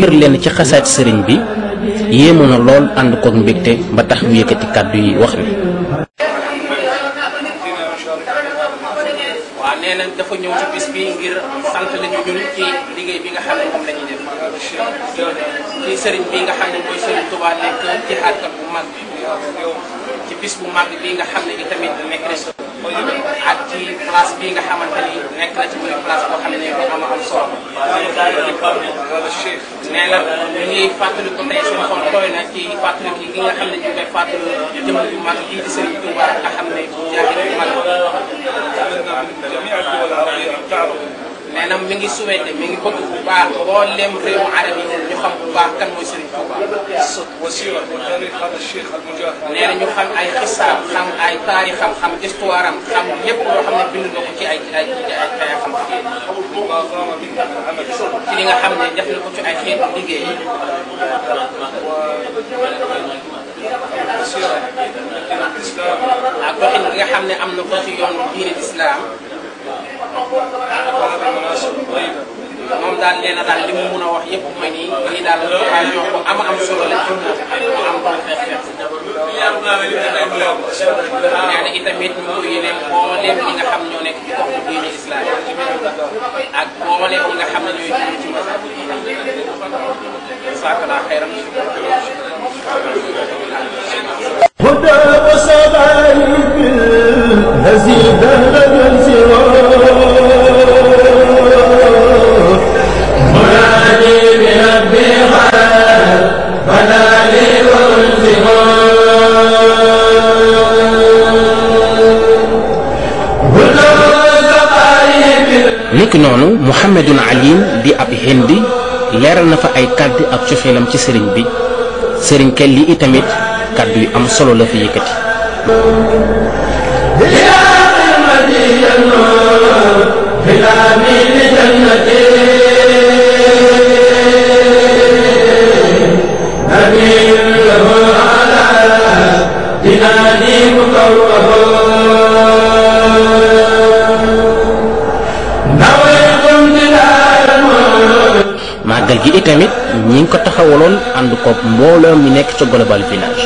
bir leen ci xasaat sëriñ bi yéemu na lool ànd koog mbégte ba tax mu yëkkati kàddu yi wax wi waaw nee dafa ñëw ci bis bi ngir sant lañu ñun ci liggéey bi nga xam ne moom def ci bi nga Touba ci bu mag bi ci bis bu mag bi nga ak ci place bi nga nee na ñuy fàttali ko tey suñu xol tooy na ci fàttali ki gi nga xam ne ñu koy fàttali jëm ju mag ji di Serigne Touba nga xam ne jaaree ju mag nee na mi ngi souhaité mi ngi bëgg bu baax boo leem réewu arab yi ñu xam bu baax kan mooy Serigne Touba siira bu taarix al Cheikh al Mujahid nee na ñu xam ay xisaam xam ay taarixam xam histoire am xam lépp loo xam ne bind na ko ci ay ay ay xam-xam ci li nga xam ne def na ko ci ay xeetu liggéey yi ak doxin bi nga xam ne am na ko ci yoonu diine islam moom daal nee na daal li mu mun a wax yëpp mooy nii lii daal occasion bu am am solo la ci moom mu am ko xeex xeex. nee na itamit mu yéene mbooleem ñi nga xam ñoo nekk ci gox bu diine islam ak mbooleem ñi nga xam ne ñooy dund ci masal bi diine. sàkk naa xayram. nekk noonu Muhammadun Alim di ab hindi leeral na fa ay kàddu ak cofeelam ci sëriñ bi sëriñ Kelly yi itamit kàddu yu am solo la fi yëkkati. gi i tamit ñi ngi ko taxawaloon ànd ko mbooloo mi nekk ca Global Village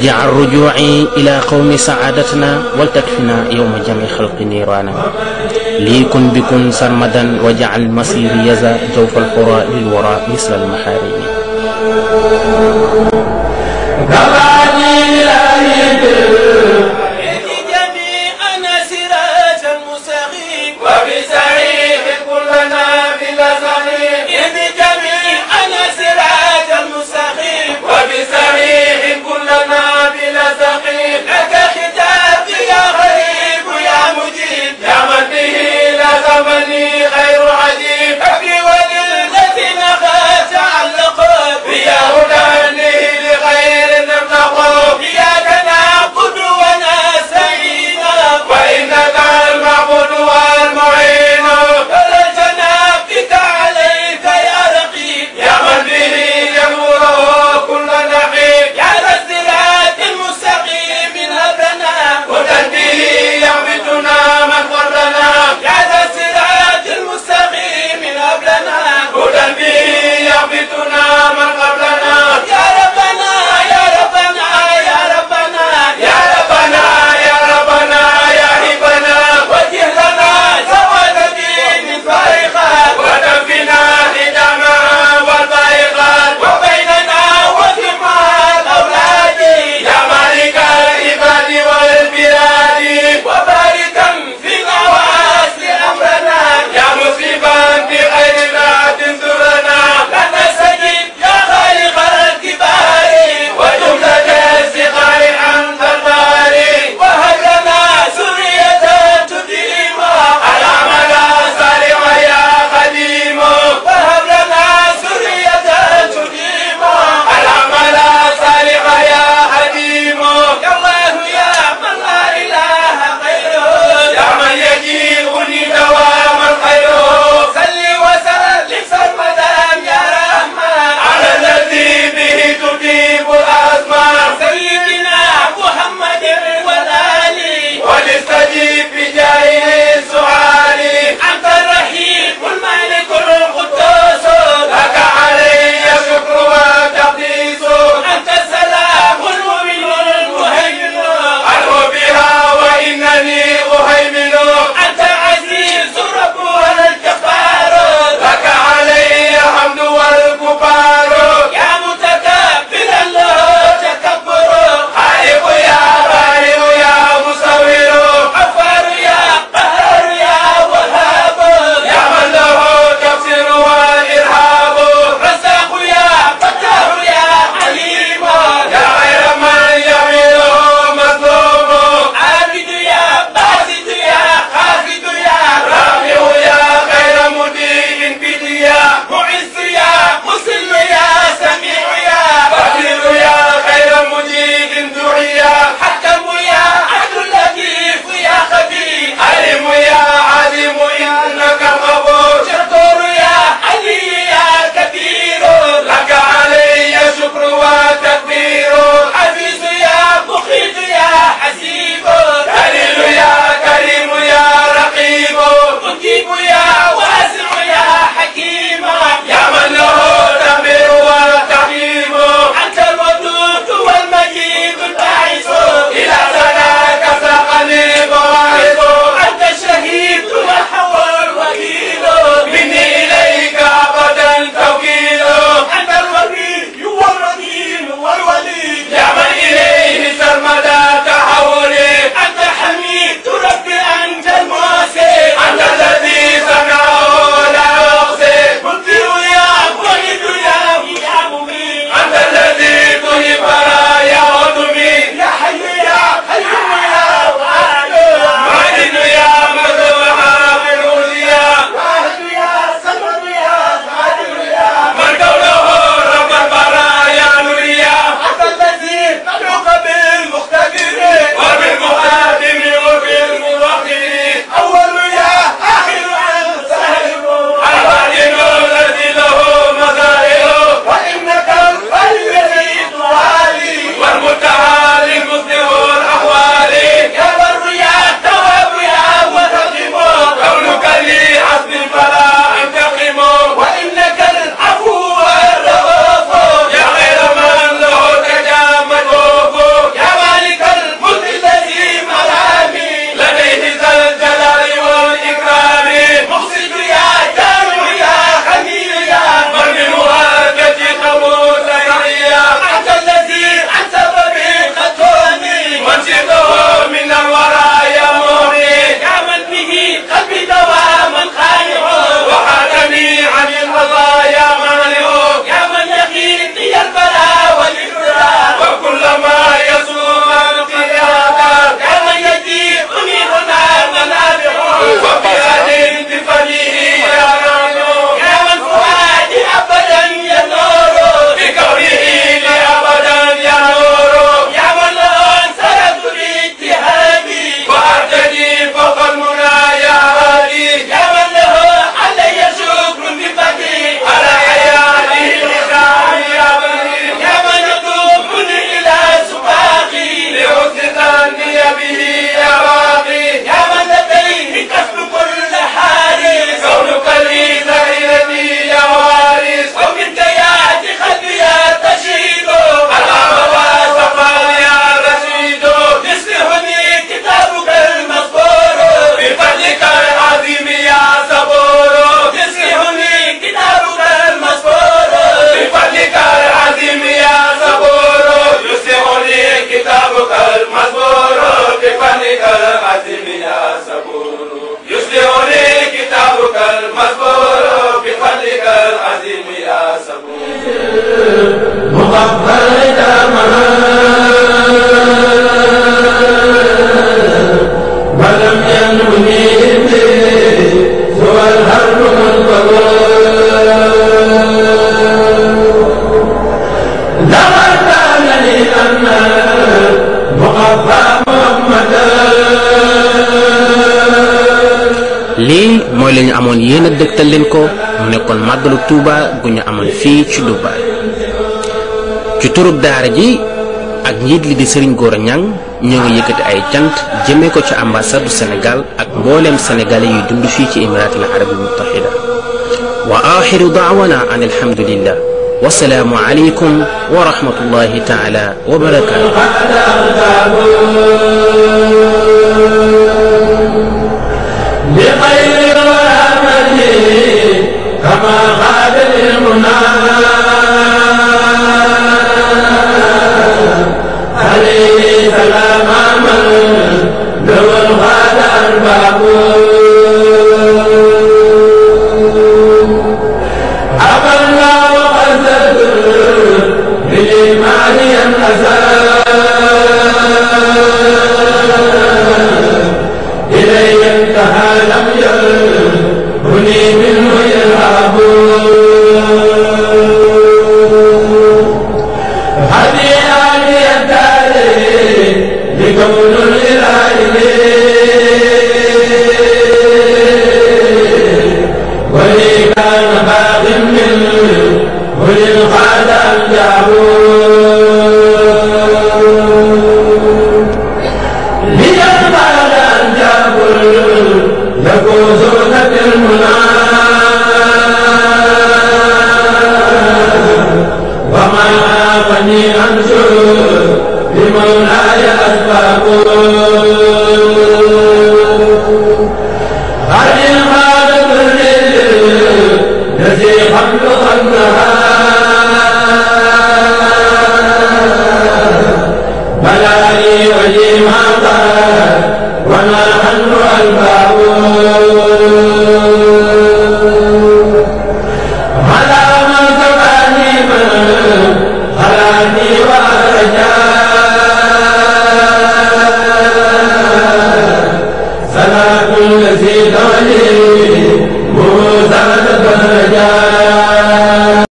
اجعل رجوعي إلى قوم سعادتنا ولتكفنا يوم جميع خلق نيرانا ليكن بكن سرمدا وجعل مصيري يزا جوف القرى للوراء مثل المحارم lii mooy la amoon yéen a leen ko mu nekkoon màggalu Tuuba gu ñu amoon fii ci Dubaay ci turub daara ji ak njiit li di sëriñ góor a ñang ñoo ngi yëkkati ay cant jëmee ko ci ambassade du sénégal ak mbooleem sénégalais yuy dund fii ci imaraat al arabi mutahida wa axiru daawana an alhamdulillah wasalaamu alaykum wa rahmatullahi taala wa barakatuh أمنا وقد بالإيمان الأزل إلي انتهى لم